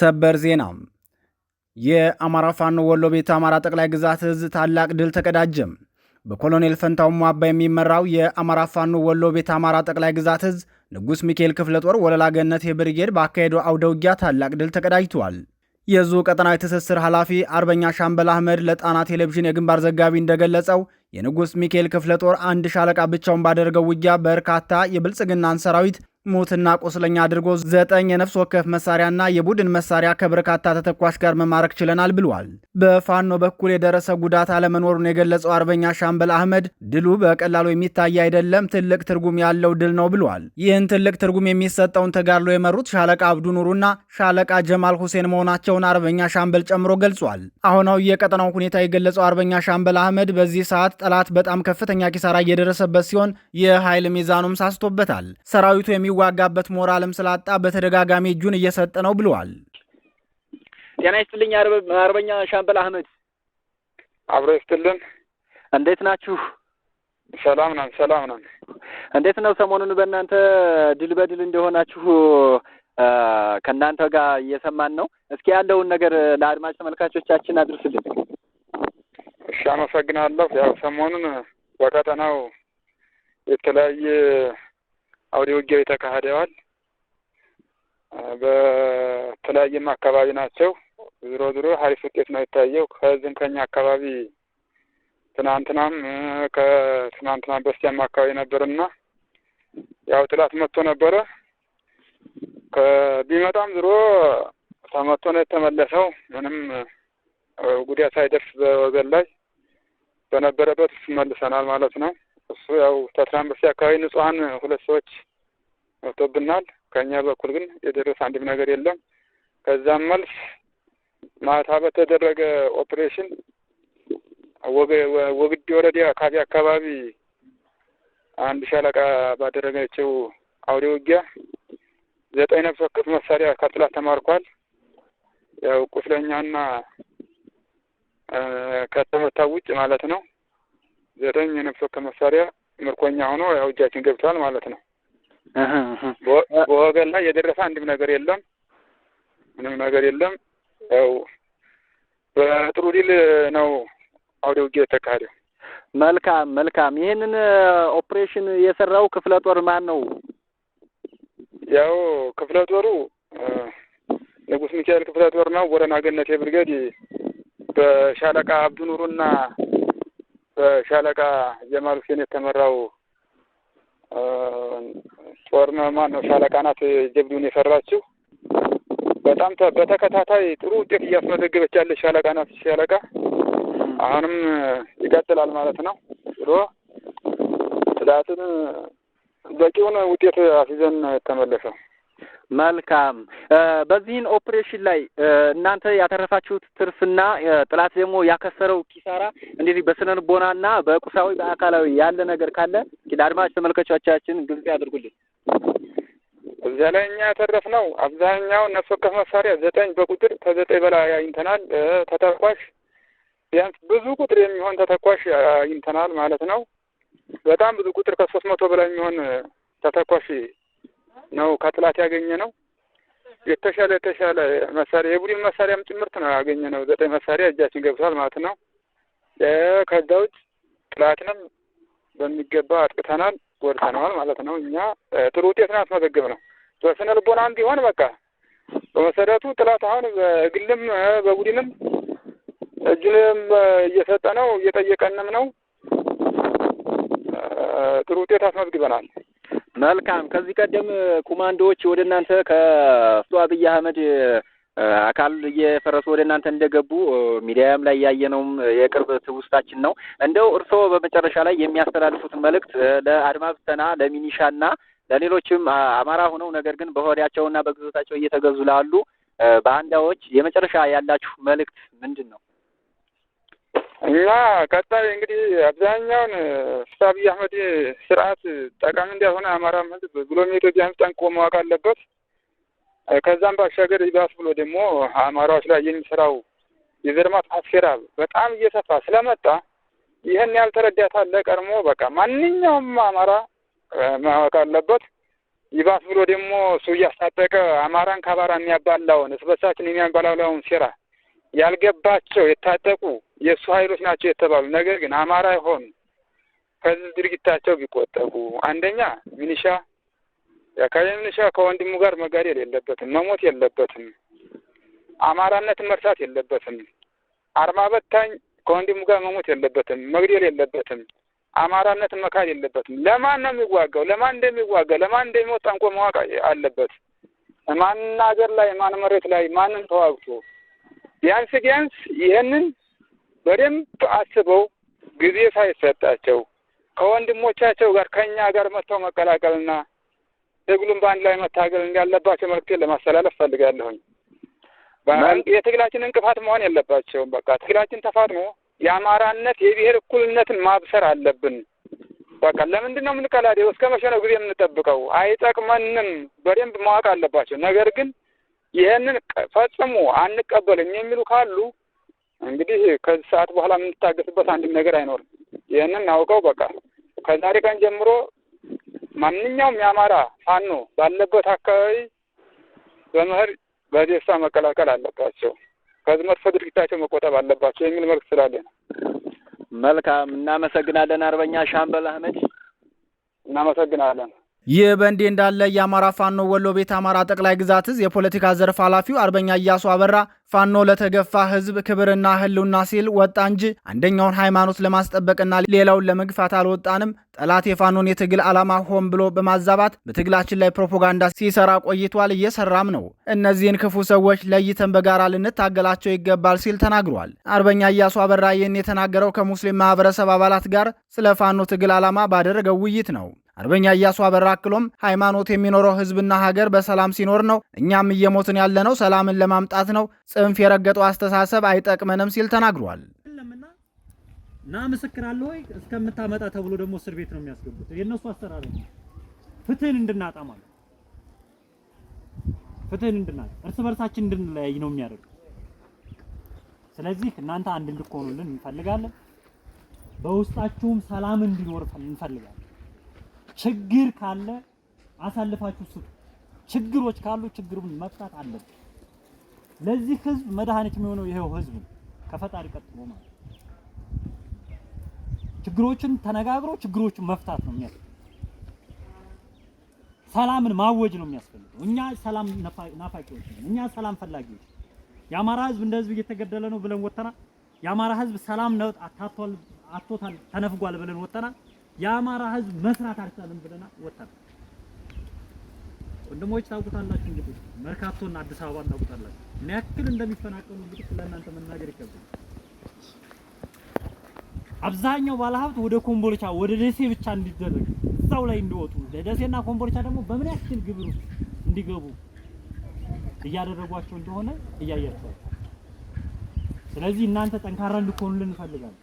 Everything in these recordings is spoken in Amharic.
ሰበር ዜና የአማራ ፋኖ ወሎ ቤተ አማራ ጠቅላይ ግዛት እዝ ታላቅ ድል ተቀዳጀም። በኮሎኔል ፈንታው ሟባ የሚመራው የአማራ ፋኖ ወሎ ቤተ አማራ ጠቅላይ ግዛት እዝ ንጉሥ ሚካኤል ክፍለ ጦር ወለላ ገነት የብርጌድ ባካሄደው አውደውጊያ ታላቅ ድል ተቀዳጅቷል። የዙ ቀጠናዊ ትስስር ኃላፊ አርበኛ ሻምበል አህመድ ለጣና ቴሌቪዥን የግንባር ዘጋቢ እንደገለጸው የንጉሥ ሚካኤል ክፍለ ጦር አንድ ሻለቃ ብቻውን ባደረገው ውጊያ በርካታ የብልጽግናን ሰራዊት ሙትና ቆስለኛ አድርጎ ዘጠኝ የነፍስ ወከፍ መሳሪያና የቡድን መሳሪያ ከበርካታ ተተኳሽ ጋር መማረክ ችለናል ብሏል። በፋኖ በኩል የደረሰ ጉዳት አለመኖሩን የገለጸው አርበኛ ሻምበል አህመድ ድሉ በቀላሉ የሚታይ አይደለም፣ ትልቅ ትርጉም ያለው ድል ነው ብሏል። ይህን ትልቅ ትርጉም የሚሰጠውን ተጋድሎ የመሩት ሻለቃ አብዱ ኑሩና ሻለቃ ጀማል ሁሴን መሆናቸውን አርበኛ ሻምበል ጨምሮ ገልጿል። አሁናዊ የቀጠናው ሁኔታ የገለጸው አርበኛ ሻምበል አህመድ በዚህ ሰዓት ጠላት በጣም ከፍተኛ ኪሳራ እየደረሰበት ሲሆን የኃይል ሚዛኑም ሳስቶበታል። ሰራዊቱ የሚ የሚዋጋበት ሞራልም ስላጣ በተደጋጋሚ እጁን እየሰጠ ነው ብለዋል። ጤና ይስጥልኝ አርበኛ ሻምበል አህመድ አብሮ ይስጥልን። እንዴት ናችሁ? ሰላም ነን፣ ሰላም ነን። እንዴት ነው ሰሞኑን በእናንተ ድል በድል እንደሆናችሁ ከእናንተ ጋር እየሰማን ነው። እስኪ ያለውን ነገር ለአድማጭ ተመልካቾቻችን አድርስልን። እሺ፣ አመሰግናለሁ። ያው ሰሞኑን በቀጠናው የተለያየ አውደ ውጊያው ተካሂደዋል። በተለያየም አካባቢ ናቸው። ዞሮ ዞሮ ሀሪፍ ውጤት ነው የታየው። ከዚህም ከኛ አካባቢ ትናንትናም ከትናንትና በስቲያም አካባቢ ነበርና ያው ጥላት መጥቶ ነበረ። ቢመጣም ዞሮ ተመቶ ነው የተመለሰው። ምንም ጉዳት ሳይደርስ በወገን ላይ በነበረበት መልሰናል ማለት ነው። እሱ ያው አስራ አካባቢ ንጹሀን ሁለት ሰዎች መቶብናል ከእኛ በኩል ግን የደረሰ አንድም ነገር የለም። ከዛም መልስ ማታ በተደረገ ኦፕሬሽን ወግዲ ወረዳ ካቢ አካባቢ አንድ ሻለቃ ባደረገችው አውዴ ውጊያ ዘጠኝ ነፍስ ወከፍ መሳሪያ ከጥላት ተማርኳል። ያው ቁስለኛና ከተመታ ውጭ ማለት ነው። ዘጠኝ የነፍስ ወከፍ መሳሪያ ምርኮኛ ሆኖ ያው እጃችን ገብቷል ማለት ነው። በወገን ላይ የደረሰ አንድም ነገር የለም፣ ምንም ነገር የለም። ያው በጥሩ ድል ነው አውደ ውጊያ የተካሄደው። መልካም መልካም። ይህንን ኦፕሬሽን የሰራው ክፍለ ጦር ማን ነው? ያው ክፍለ ጦሩ ንጉስ ሚካኤል ክፍለ ጦር ነው። ወረና ገነቴ ብርጌድ በሻለቃ አብዱ ኑሩና በሻለቃ ጀማል ሁሴን የተመራው ጦር ማን ነው ሻለቃ ናት ጀብዱን የሰራችው። በጣም በተከታታይ ጥሩ ውጤት እያስመዘገበች ያለች ሻለቃ ናት። ሻለቃ አሁንም ይቀጥላል ማለት ነው ብሎ ስዳትን በቂውን ውጤት አስይዘን የተመለሰው መልካም። በዚህን ኦፕሬሽን ላይ እናንተ ያተረፋችሁት ትርፍና ጥላት ደግሞ ያከሰረው ኪሳራ እንደዚህ በስነ ልቦናና በቁሳዊ በአካላዊ ያለ ነገር ካለ ለአድማጭ ተመልካቾቻችን ግልጽ ያድርጉልን። እዚያ ላይ እኛ ያተረፍነው አብዛኛው ነፍስ ወከፍ መሳሪያ ዘጠኝ በቁጥር ከዘጠኝ በላይ አግኝተናል። ተተኳሽ ቢያንስ ብዙ ቁጥር የሚሆን ተተኳሽ አግኝተናል ማለት ነው። በጣም ብዙ ቁጥር ከሶስት መቶ በላይ የሚሆን ተተኳሽ ነው ከጥላት ያገኘ ነው። የተሻለ የተሻለ መሳሪያ የቡድን መሳሪያም ጭምርት ነው ያገኘ ነው። ዘጠኝ መሳሪያ እጃችን ገብቷል ማለት ነው። ከዛ ውጭ ጥላትንም በሚገባ አጥቅተናል፣ ጎድተነዋል ማለት ነው። እኛ ጥሩ ውጤት ነው ያስመዘግብ ነው። በስነ ልቦናም ቢሆን በቃ በመሰረቱ ጥላት አሁን በግልም በቡድንም እጅንም እየሰጠ ነው፣ እየጠየቀንም ነው። ጥሩ ውጤት አስመዝግበናል። መልካም። ከዚህ ቀደም ኮማንዶዎች ወደ እናንተ ከፍቶ አብይ አህመድ አካል እየፈረሱ ወደ እናንተ እንደገቡ ሚዲያም ላይ ያየነውም የቅርብ ትውስታችን ነው። እንደው እርስዎ በመጨረሻ ላይ የሚያስተላልፉትን መልእክት ለአድማ ብተና ለሚኒሻና ለሌሎችም አማራ ሆነው ነገር ግን በሆዳቸውና በግዞታቸው እየተገዙ ላሉ ባንዳዎች የመጨረሻ ያላችሁ መልእክት ምንድን ነው? እና ቀጣይ እንግዲህ አብዛኛውን ፍትሐ ብይ አህመድ ስርዓት ጠቃሚ እንዳልሆነ አማራም ሕዝብ ብሎም የኢትዮጵያ ሕዝብ ጠንቅቆ ማወቅ አለበት። ከዛም ባሻገር ይባስ ብሎ ደግሞ አማራዎች ላይ የሚሰራው የዘርማት ማጥፋት በጣም እየሰፋ ስለመጣ ይህን ያልተረዳት አለ ቀድሞ በቃ ማንኛውም አማራ ማወቅ አለበት። ይባስ ብሎ ደግሞ እሱ እያስታጠቀ አማራን ከአማራ የሚያባላውን እስበሳችን የሚያባላላውን ሴራ ያልገባቸው የታጠቁ የእሱ ኃይሎች ናቸው የተባሉ ነገር ግን አማራ የሆኑ ከዚህ ድርጊታቸው ቢቆጠቡ፣ አንደኛ ሚኒሻ የአካባቢ ሚኒሻ ከወንድሙ ጋር መጋደል የለበትም፣ መሞት የለበትም፣ አማራነትን መርሳት የለበትም። አርማ በታኝ ከወንድሙ ጋር መሞት የለበትም፣ መግደል የለበትም፣ አማራነትን መካድ የለበትም። ለማን ነው የሚዋጋው? ለማን እንደሚዋጋ ለማን እንደሚሞት ጠንቆ ማወቅ አለበት። ማን አገር ላይ ማን መሬት ላይ ማንም ተዋግቶ ቢያንስ ቢያንስ ይህንን በደንብ አስበው ጊዜ ሳይሰጣቸው ከወንድሞቻቸው ጋር ከእኛ ጋር መጥተው መቀላቀልና ትግሉም በአንድ ላይ መታገል እንዳለባቸው መልዕክቴን ለማስተላለፍ ፈልጋለሁኝ። የትግላችን እንቅፋት መሆን የለባቸውም። በቃ ትግላችን ተፋጥሞ የአማራነት የብሔር እኩልነትን ማብሰር አለብን። በቃ ለምንድን ነው የምንቀላደው? እስከ መቼ ነው ጊዜ የምንጠብቀው? አይጠቅመንም። በደንብ ማወቅ አለባቸው። ነገር ግን ይህንን ፈጽሞ አንቀበልም የሚሉ ካሉ እንግዲህ ከዚህ ሰዓት በኋላ የምንታገስበት አንድም ነገር አይኖርም። ይህንን አውቀው በቃ ከዛሬ ቀን ጀምሮ ማንኛውም የአማራ ፋኖ ባለበት አካባቢ በምህር በዴሳ መቀላቀል አለባቸው። ከዚህ መጥፎ ድርጊታቸው መቆጠብ አለባቸው የሚል መልክ ስላለ ነው። መልካም እናመሰግናለን። አርበኛ ሻምበል አህመድ እናመሰግናለን። ይህ በእንዲህ እንዳለ የአማራ ፋኖ ወሎ ቤት አማራ ጠቅላይ ግዛት እዝ የፖለቲካ ዘርፍ ኃላፊው አርበኛ እያሱ አበራ ፋኖ ለተገፋ ህዝብ ክብርና ህልውና ሲል ወጣ እንጂ አንደኛውን ሃይማኖት ለማስጠበቅና ሌላውን ለመግፋት አልወጣንም። ጠላት የፋኖን የትግል ዓላማ ሆን ብሎ በማዛባት በትግላችን ላይ ፕሮፓጋንዳ ሲሰራ ቆይቷል፣ እየሰራም ነው። እነዚህን ክፉ ሰዎች ለይተን በጋራ ልንታገላቸው ይገባል ሲል ተናግሯል። አርበኛ እያሱ አበራ ይህን የተናገረው ከሙስሊም ማህበረሰብ አባላት ጋር ስለ ፋኖ ትግል ዓላማ ባደረገው ውይይት ነው። አርበኛ እያሱ አበራ አክሎም ሃይማኖት የሚኖረው ህዝብና ሀገር በሰላም ሲኖር ነው። እኛም እየሞትን ያለነው ሰላምን ለማምጣት ነው። ጽንፍ የረገጠው አስተሳሰብ አይጠቅመንም ሲል ተናግሯል። ና ምስክር አለ ወይ እስከምታመጣ ተብሎ ደግሞ እስር ቤት ነው የሚያስገቡት። የእነሱ አሰራር ፍትህን እንድናጣ ማለት ፍትህን እንድናጣ እርስ በርሳችን እንድንለያይ ነው የሚያደርገው። ስለዚህ እናንተ አንድ እንድትሆኑልን እንፈልጋለን። በውስጣችሁም ሰላም እንዲኖር እንፈልጋለን። ችግር ካለ አሳልፋችሁ ስጡ። ችግሮች ካሉ ችግሩን መፍታት አለብን። ለዚህ ህዝብ መድኃኒት የሚሆነው ይሄው ህዝብ ከፈጣሪ ቀጥሎ ማለት ችግሮችን ተነጋግሮ ችግሮችን መፍታት ነው የሚያስፈልገው። ሰላምን ማወጅ ነው የሚያስፈልገው። እኛ ሰላም ናፋቂዎች ነን። እኛ ሰላም ፈላጊዎች። የአማራ ህዝብ እንደ ህዝብ እየተገደለ ነው ብለን ወተና የአማራ ህዝብ ሰላም ነው አቶታል፣ ተነፍጓል ብለን ወተና የአማራ ህዝብ መስራት አልቻለም ብለና ወተናል። ወንድሞች ታውቁታላችሁ። እንግዲህ መርካቶና አዲስ አበባ ታውቁታላችሁ። ምን ያክል እንደሚፈናቀሉ እንግዲህ ለእናንተ መናገር ይከብዳል። አብዛኛው ባለሀብት ወደ ኮምቦልቻ ወደ ደሴ ብቻ እንዲደረግ እዛው ላይ እንዲወጡ ደሴና ኮምቦልቻ ደግሞ በምን ያክል ግብር ውስጥ እንዲገቡ እያደረጓቸው እንደሆነ እያያቸዋል። ስለዚህ እናንተ ጠንካራ እንድትሆኑልን እንፈልጋለን።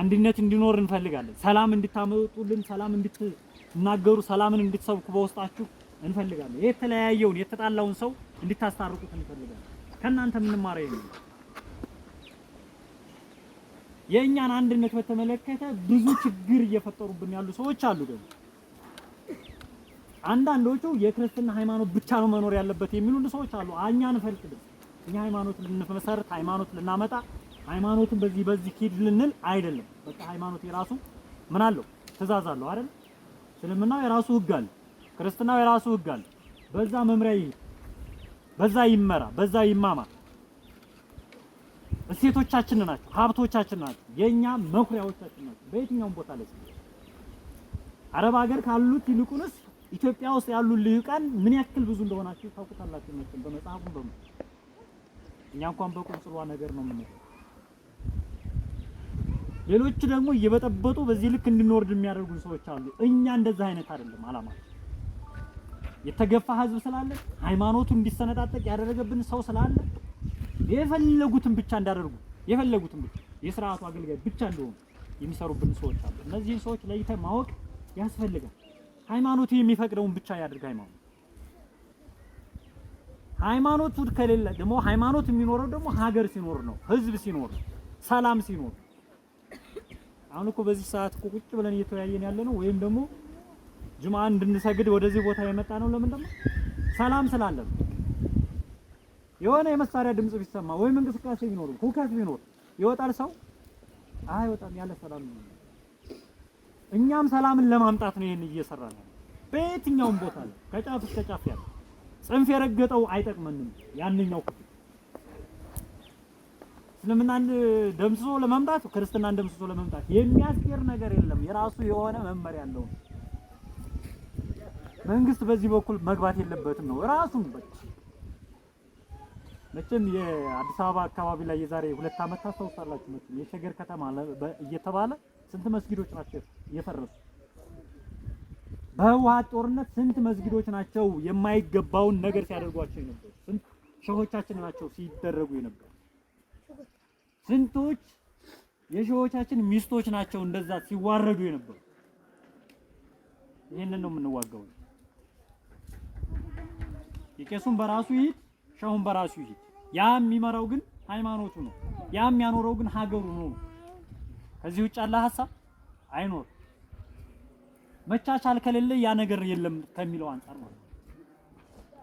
አንድነት እንዲኖር እንፈልጋለን። ሰላም እንድታመጡልን፣ ሰላም እንድትናገሩ፣ ሰላምን እንድትሰብኩ በውስጣችሁ እንፈልጋለን። የተለያየውን የተጣላውን ሰው እንድታስታርቁት እንፈልጋለን። ከእናንተ የምንማረው ይሄ የእኛን አንድነት በተመለከተ ብዙ ችግር እየፈጠሩብን ያሉ ሰዎች አሉ። ደግሞ አንዳንዶቹ የክርስትና ሃይማኖት ብቻ ነው መኖር ያለበት የሚሉን ሰዎች አሉ። አኛ እንፈልቅልን እኛ ሃይማኖት ልንመሰርት ሃይማኖት ልናመጣ ሃይማኖትን በዚህ በዚህ ሂድ ልንል አይደለም። በቃ ሃይማኖት የራሱ ምን አለው ትእዛዝ አለው አይደል? እስልምና የራሱ ህግ አለው። ክርስትናው የራሱ ህግ አለ። በዛ መምሪያ ይሄድ፣ በዛ ይመራ፣ በዛ ይማማ። እሴቶቻችን ናቸው፣ ሀብቶቻችን ናቸው፣ የኛ መኩሪያዎቻችን ናቸው። በየትኛውም ቦታ ላይ አረብ ሀገር ካሉት ይልቁንስ ኢትዮጵያ ውስጥ ያሉ ልሂቃን ምን ያክል ብዙ እንደሆናችሁ ታውቁታላችሁ። መቼም በመጽሐፉ በሙሉ እኛ እንኳን በቁንጽሏ ነገር ነው ምን ሌሎች ደግሞ እየበጠበጡ በዚህ ልክ እንድንወርድ የሚያደርጉን ሰዎች አሉ። እኛ እንደዛ አይነት አይደለም አላማችን። የተገፋ ህዝብ ስላለ ሃይማኖቱ እንዲሰነጣጠቅ ያደረገብን ሰው ስላለ የፈለጉትን ብቻ እንዳደርጉ የፈለጉትን ብቻ የስርዓቱ አገልጋይ ብቻ እንደሆኑ የሚሰሩብን ሰዎች አሉ። እነዚህን ሰዎች ለይተ ማወቅ ያስፈልጋል። ሃይማኖቱ የሚፈቅደውን ብቻ ያድርግ። ሃይማኖት ሃይማኖቱ ከሌለ ደግሞ ሃይማኖት የሚኖረው ደግሞ ሀገር ሲኖር ነው፣ ህዝብ ሲኖር ነው፣ ሰላም ሲኖር። አሁን እኮ በዚህ ሰዓት እኮ ቁጭ ብለን እየተወያየን ያለ ነው ወይም ደግሞ ጁማ እንድንሰግድ ወደዚህ ቦታ የመጣ ነው። ለምን ደግሞ ሰላም ስላለ? የሆነ የመሳሪያ ድምጽ ቢሰማ ወይም እንቅስቃሴ ቢኖር ሁከት ቢኖር ይወጣል ሰው አይወጣም። ያለ ሰላም ነው። እኛም ሰላምን ለማምጣት ነው ይሄን እየሰራን ነው። በየትኛውም ቦታ ላይ ከጫፍ እስከ ጫፍ ያለ ጽንፍ የረገጠው አይጠቅመንም። ያንኛው ክፍል እስልምናን ደምስሶ ለመምጣት ክርስትናን ደምስሶ ለመምጣት የሚያስኬር ነገር የለም። የራሱ የሆነ መመሪያ አለው። መንግስት በዚህ በኩል መግባት የለበትም ነው ራሱም መቼም የአዲስ አበባ አካባቢ ላይ የዛሬ ሁለት ዓመት ታስታውሳላችሁ። መቼም የሸገር ከተማ እየተባለ ስንት መስጊዶች ናቸው እየፈረሱ በህወሓት ጦርነት ስንት መስጊዶች ናቸው የማይገባውን ነገር ሲያደርጓቸው የነበሩ ስንት ሸሆቻችን ናቸው ሲደረጉ የነበሩ ስንቶች የሸሆቻችን ሚስቶች ናቸው እንደዛ ሲዋረዱ የነበሩ ይህንን ነው የምንዋጋው። የቄሱን በራሱ ይሂድ ሸሁን በራሱ ይሂድ፣ ያ የሚመራው ግን ሃይማኖቱ ነው። ያ የሚያኖረው ግን ሀገሩ ነው። ከዚህ ውጭ ያለ ሀሳብ አይኖር። መቻቻል ከሌለ ያ ነገር የለም ከሚለው አንጻር ማለት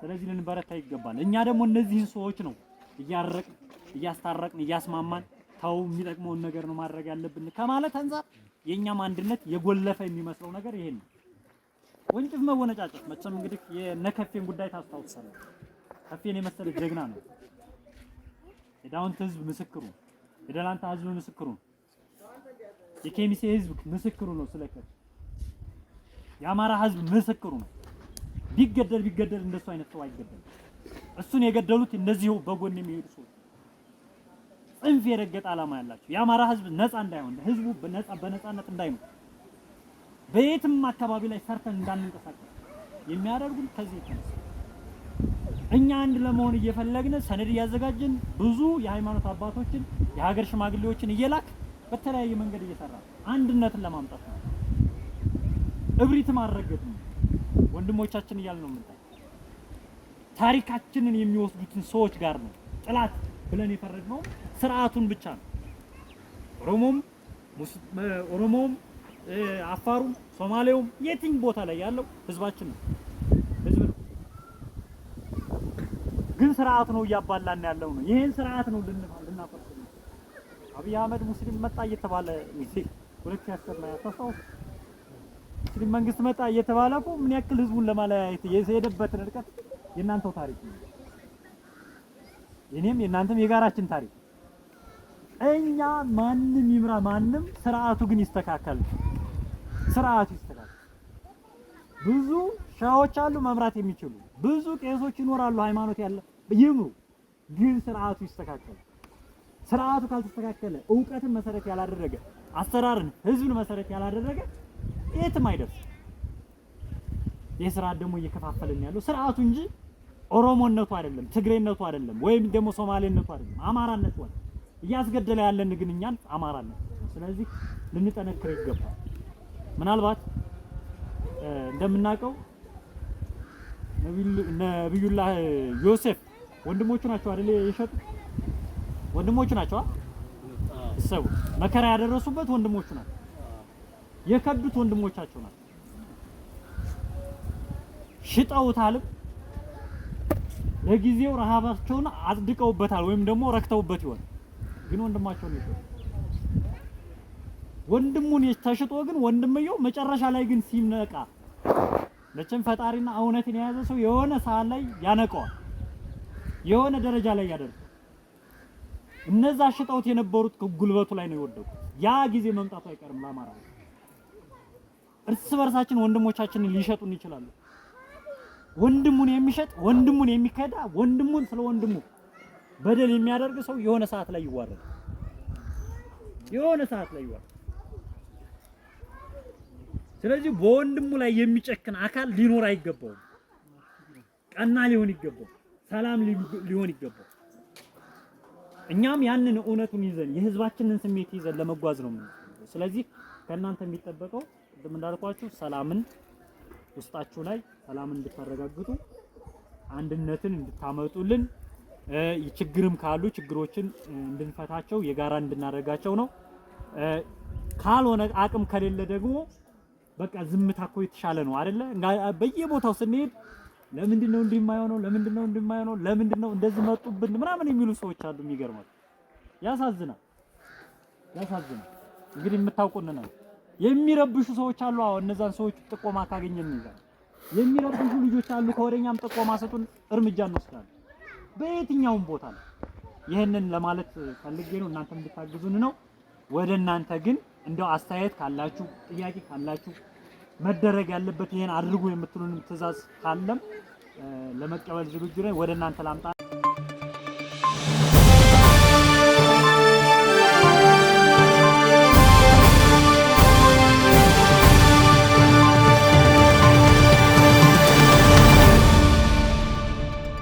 ስለዚህ ልንበረታ ይገባል። እኛ ደግሞ እነዚህን ሰዎች ነው እያረቅን እያስታረቅን እያስማማን ተው የሚጠቅመውን ነገር ነው ማድረግ ያለብን ከማለት አንጻር የእኛም አንድነት የጎለፈ የሚመስለው ነገር ይሄን ነው። ወንጭፍ መወነጫጨት መቼም እንግዲህ የነከፌን ጉዳይ ታስታውሳለህ። ከፌን የመሰለ ጀግና ነው። የዳውንት ህዝብ ምስክሩ፣ የደላንታ ህዝብ ምስክሩ፣ የኬሚሴ ህዝብ ምስክሩ ነው። ስለከፍ የአማራ ህዝብ ምስክሩ ነው። ቢገደል ቢገደል እንደሱ አይነት ሰው አይገደል። እሱን የገደሉት እነዚህ በጎን የሚሄዱ ሰዎች ጽንፍ የረገጠ ዓላማ ያላቸው የአማራ ህዝብ ነፃ እንዳይሆን ህዝቡ በነፃ በነፃነት እንዳይሆን። በየትም አካባቢ ላይ ሰርተን እንዳንንቀሳቀስ የሚያደርጉን ከዚህ የተነሳ እኛ አንድ ለመሆን እየፈለግን ሰነድ እያዘጋጀን ብዙ የሃይማኖት አባቶችን የሀገር ሽማግሌዎችን እየላክ በተለያየ መንገድ እየሰራ አንድነትን ለማምጣት ነው። እብሪትም አልረገጥም። ወንድሞቻችን እያልን ነው የምንጠ ታሪካችንን የሚወስዱትን ሰዎች ጋር ነው ጥላት ብለን የፈረግነው ስርዓቱን ብቻ ነው። ኦሮሞም ኦሮሞም አፋሩም ሶማሌውም የትኝ ቦታ ላይ ያለው ህዝባችን ነው፣ ህዝብ ነው። ግን ስርዓት ነው እያባላን ያለው ነው። ይሄን ስርዓት ነው ልናፈርስ። አብይ አህመድ ሙስሊም መጣ እየተባለ ሚስል ሁለት ያስተማ ያስተሳው ሙስሊም መንግስት መጣ እየተባለ እኮ ምን ያክል ህዝቡን ለማለያየት የሄደበትን ርቀት የእናንተው ታሪክ ነው። የኔም የእናንተም የጋራችን ታሪክ እኛ ማንም ይምራ ማንም፣ ስርዓቱ ግን ይስተካከል። ስርዓቱ ይስተካከል። ብዙ ሻዎች አሉ መምራት የሚችሉ ብዙ ቄሶች ይኖራሉ፣ ሃይማኖት ያለ ይምሩ፣ ግን ስርዓቱ ይስተካከል። ስርዓቱ ካልተስተካከለ እውቀትን መሰረት ያላደረገ አሰራርን፣ ህዝብን መሰረት ያላደረገ የትም አይደርስም። ይህ ስርዓት ደግሞ እየከፋፈለን ያለው ስርዓቱ እንጂ ኦሮሞነቱ አይደለም፣ ትግሬነቱ አይደለም፣ ወይም ደግሞ ሶማሌነቱ አይደለም፣ አማራነቱ አይደለም። እያስገደለ ያለን ግን እኛን አማራነት። ስለዚህ ልንጠነክር ይገባል። ምናልባት እንደምናውቀው ነቢዩላህ ዮሴፍ ወንድሞቹ ናቸው አይደል? የሸጡ ወንድሞቹ ናቸው። ሰው መከራ ያደረሱበት ወንድሞቹ ናቸው። የከዱት ወንድሞቻቸው ናቸው። ሽጠውታልም ለጊዜው ረሃባቸውን አጽድቀውበታል፣ ወይም ደግሞ ረክተውበት ይሆን ግን ወንድማቸውን ይሸጡ ወንድሙን ተሽጦ ግን ወንድምየው መጨረሻ ላይ ግን ሲነቃ መቼም ፈጣሪና እውነትን የያዘ ሰው የሆነ ሰዓት ላይ ያነቀዋል፣ የሆነ ደረጃ ላይ ያደርጋል። እነዛ ሽጠውት የነበሩት ጉልበቱ ላይ ነው የወደቁት። ያ ጊዜ መምጣቱ አይቀርም። ለአማራ እርስ በርሳችን ወንድሞቻችንን ሊሸጡን ይችላሉ። ወንድሙን የሚሸጥ ወንድሙን የሚከዳ ወንድሙን ስለ ወንድሙ በደል የሚያደርግ ሰው የሆነ ሰዓት ላይ ይዋረድ፣ የሆነ ሰዓት ላይ ይዋረድ። ስለዚህ በወንድሙ ላይ የሚጨክን አካል ሊኖር አይገባውም። ቀና ሊሆን ይገባው፣ ሰላም ሊሆን ይገባው። እኛም ያንን እውነቱን ይዘን የህዝባችንን ስሜት ይዘን ለመጓዝ ነው። ስለዚህ ከእናንተ የሚጠበቀው ቅድም እንዳልኳችሁ ሰላምን ውስጣችሁ ላይ ሰላምን እንድታረጋግጡ አንድነትን እንድታመጡልን ችግርም ካሉ ችግሮችን እንድንፈታቸው የጋራ እንድናደርጋቸው ነው። ካልሆነ አቅም ከሌለ ደግሞ በቃ ዝምታ እኮ የተሻለ ነው አይደለ? በየቦታው ስንሄድ ለምንድን ነው እንዲህ የማይሆነው? ለምንድን ነው እንዲህ የማይሆነው? ለምንድን ነው እንደዚህ መጡብን ምናምን የሚሉ ሰዎች አሉ። የሚገርመው ያሳዝናል፣ ያሳዝናል። እንግዲህ የምታውቁን ነው። የሚረብሹ ሰዎች አሉ። አዎ እነዛን ሰዎች ጥቆማ ካገኘን ነው። የሚረብሹ ልጆች አሉ። ከወደኛም ጥቆማ ሰጡን፣ እርምጃ እንወስዳለን። በየትኛውም ቦታ ነው። ይህንን ለማለት ፈልጌ ነው። እናንተም እንድታግዙን ነው። ወደ እናንተ ግን እንደው አስተያየት ካላችሁ ጥያቄ ካላችሁ መደረግ ያለበት ይሄን አድርጉ የምትሉንም ትዕዛዝ ካለም ለመቀበል ዝግጁ ነኝ። ወደ እናንተ ላምጣ።